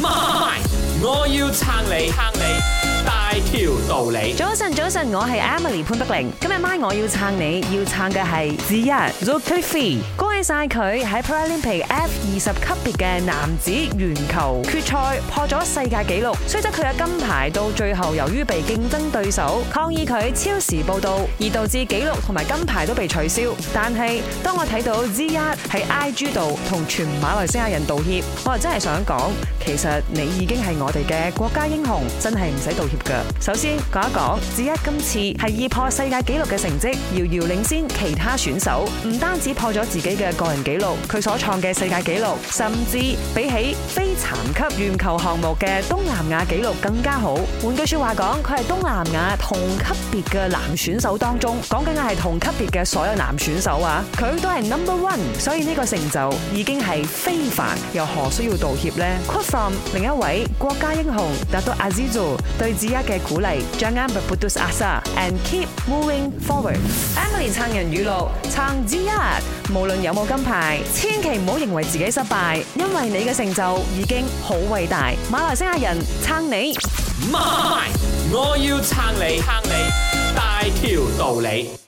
My，我要撐你，撐你大條道理。早晨，早晨，我係 Emily 潘德玲。今日 My 我要撐你，要撐嘅係之一，Ruthie。晒佢喺 Paralympic F 二十級別嘅男子鉛球決賽破咗世界紀錄，雖則佢嘅金牌到最後由於被競爭對手抗議佢超時報到而導致紀錄同埋金牌都被取消。但係當我睇到 Z r 喺 IG 度同全馬來西亞人道歉，我又真係想講，其實你已經係我哋嘅國家英雄，真係唔使道歉噶。首先講一講，Z 一今次係以破世界紀錄嘅成績遙遙領先其他選手，唔單止破咗自己嘅。個人紀錄，佢所創嘅世界紀錄，甚至比起非殘疾鉛球項目嘅東南亞紀錄更加好。換句說話講，佢係東南亞同級別嘅男選手當中，講緊嘅係同級別嘅所有男選手啊，佢都係 number one，所以呢個成就已經係非凡，又何需要道歉呢？Come from 另一位國家英雄，Dato Aziz 對子一嘅鼓勵，Jangan berputus asa，and keep moving forward。Emily 撐人語錄，撐子一。無論有冇金牌，千祈唔好認為自己失敗，因為你嘅成就已經好偉大。馬來西亞人撐你，媽咪，我要撐你，撐你，大條道理。